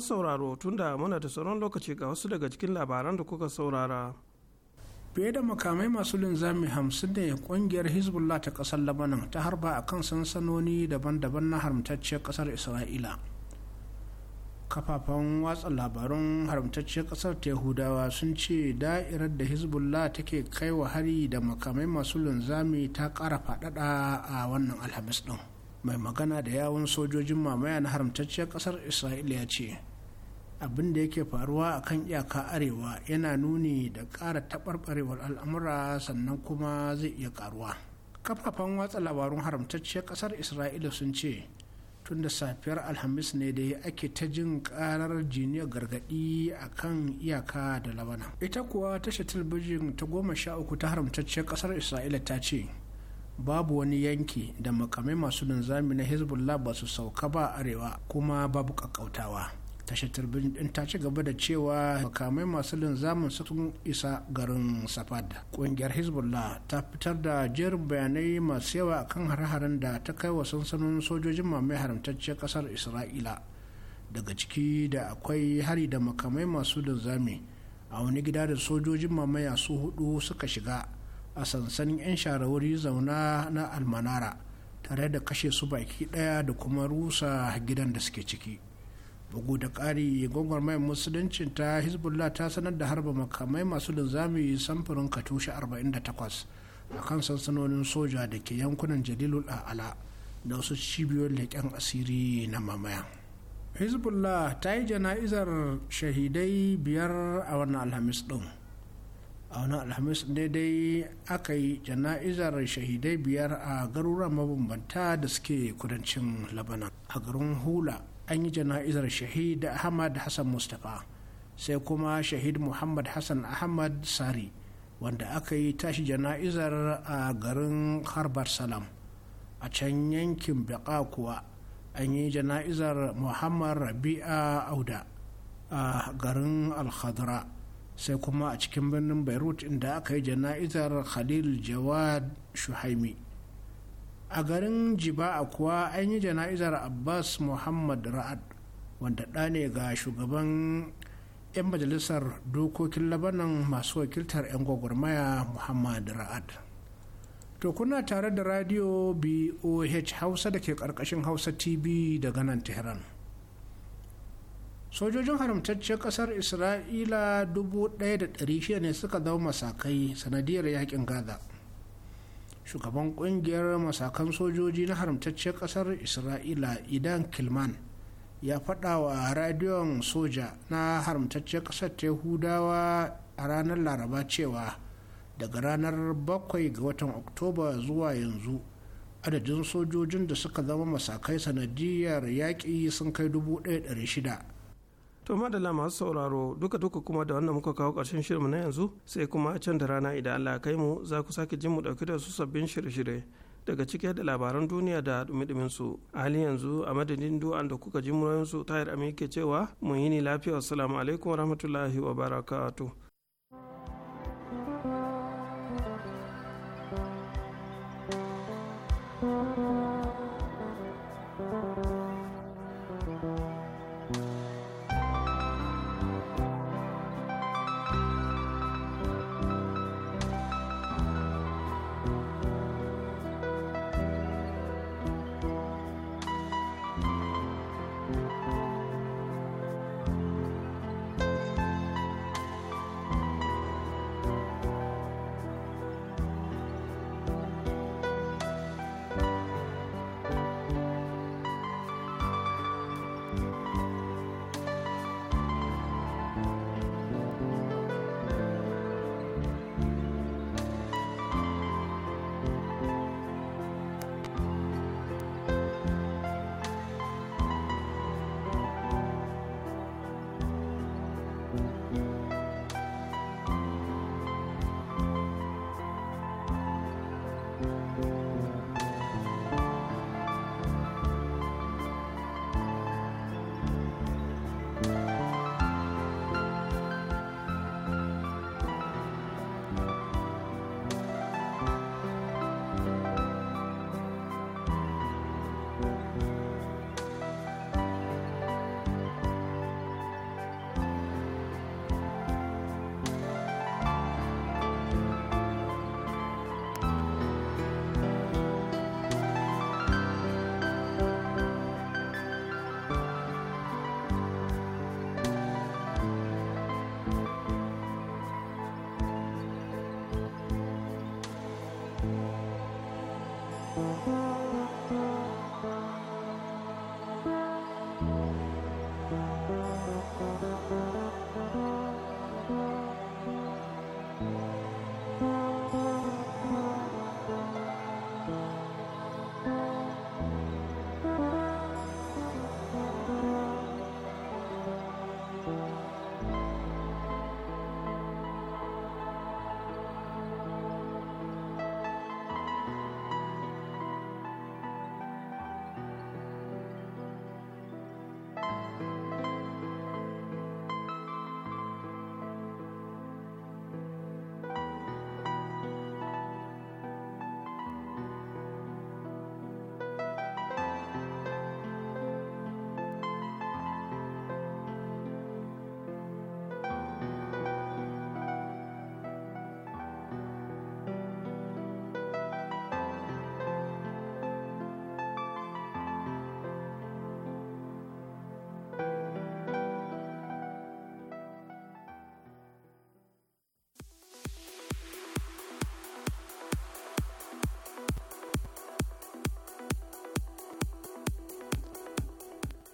masu sauraro da muna da sauran lokaci ga wasu daga cikin labaran da kuka saurara. fiye da makamai masu linzami hamsin ne kungiyar hezbollah ta kasar Lebanon ta harba a kan sansanoni daban-daban na haramtacciyar kasar isra'ila kafafen watsa labarun haramtacciyar kasar yahudawa sun ce da'irar da hezbollah take kai wa hari da makamai masu linzami ta kara faɗaɗa a wannan alhamis din mai magana da yawun sojojin mamaya na haramtacciyar ƙasar isra'ila ya ce abin da yake faruwa a kan iyaka arewa yana nuni da ƙara taɓarɓarewar al'amura sannan kuma zai iya ƙaruwa kafafen watsa labarun haramtacciyar ƙasar isra'ila sun ce tun da safiyar alhamis ne da ake ta jin ƙarar jiniyar gargaɗi a kan iyaka da labana ita kuwa tashar talabijin ta goma sha uku ta haramtacciyar ƙasar isra'ila ta ce babu wani yanki da makamai masu linzami na hezbollah ba su sauka ba arewa kuma babu kakkautawa. tashar talbijin ta ci gaba da cewa makamai masu linzamin sun isa garin safad ƙungiyar hezbollah ta fitar da jerin bayanai masu yawa kan har-haren da ta kai wa sansanin sojojin mamaye haramtaccen ƙasar isra'ila daga ciki da akwai hari da makamai masu linzami a wani gida da sojojin mamaya su hudu suka shiga a sansanin 'yan sharawari zauna na almanara tare da kashe su baki daya da kuma rusa gidan da suke ciki bugu da ƙari mai musuluncin ta hezbollah ta sanar da harba makamai masu linzami samfurin katushe 48 a kan sansanonin soja da ke yankunan jalilul a'ala da wasu cibiyoyin leƙen asiri na mamaya hezbollah ta yi jana'izar shahidai biyar a wannan alhamis ɗin a wani alhamis ne dai aka yi jana'izar shahidai biyar a garuruwan mabambanta da suke kudancin labanan a garin hula an yi jana'izar shahid ahmad hassan mustapha sai kuma shahid muhammad hassan ahmad sari wanda aka yi tashi jana'izar a garin harbar salam a can yankin beka kuwa an yi jana'izar muhammad rabi'a auda a garin alhadra sai kuma a cikin birnin beirut inda aka yi jana'izar khalil jawad shuhaimi a garin jiba'a kuwa an yi jana'izar abbas muhammad ra'ad wanda ɗa ne ga shugaban 'yan majalisar dokokin labanan masu wakiltar 'yan gwagwarmaya muhammad ra'ad to kuna tare da radio boh hausa da ke karkashin hausa tv daga nan tehran sojojin haramtaccen ƙasar isra'ila 1,600 ne suka zama masakai sanadiyar yakin gaza shugaban kungiyar masakan sojoji na haramtacciyar kasar isra'ila idan kilman ya faɗa wa radiyon soja na haramtacciyar kasar yahudawa a ranar laraba cewa daga ranar 7 ga watan oktoba zuwa yanzu adadin sojojin da suka zama masakai sanadiyar yaƙi sun kai 1,600 To madalla masu sauraro duka duka kuma da wannan muka kawo ƙarshen shirinmu na yanzu sai kuma can da rana idan Allah kai mu za ku sake jin mu dauke da su sabbin shirye-shirye daga cike da labaran duniya da dumi su a halin yanzu a madadin du'an da kuka ji murayen su tayar amin cewa mun yi ni lafiya assalamu alaikum warahmatullahi wabarakatuh thank you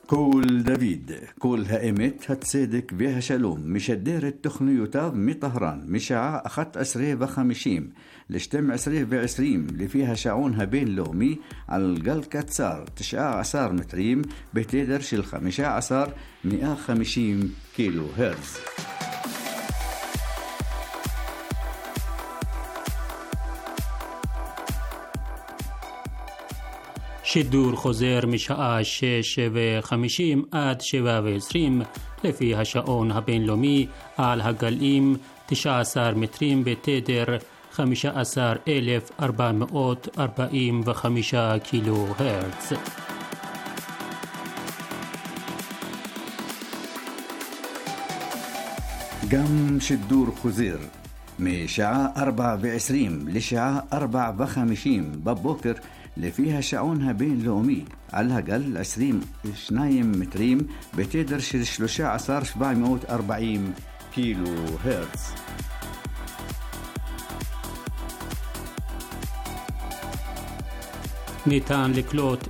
كول دافيد كول هائمت هتسيدك بها شلوم مش الدير التخني يوتاب مي طهران مشاع أخت أسري بخمشيم لشتم أسري بعسريم اللي فيها شعونها بين لومي على القل كتسار تشعى عصار متريم بتدرش الخمشة عصار مئة خمشيم كيلو هرتز השידור חוזר משעה 6:50 עד 7:20 לפי השעון הבינלאומי על הגלים 19 מטרים בתדר 15,445 קילו הרץ. גם שידור חוזר משעה 4:20 לשעה 4:50 בבוקר اللي فيها شعونها بين لومي على الأقل 20 شنايم متريم بتقدر شلشلوشة عصار 740 كيلو هرتز نيتان لكلوت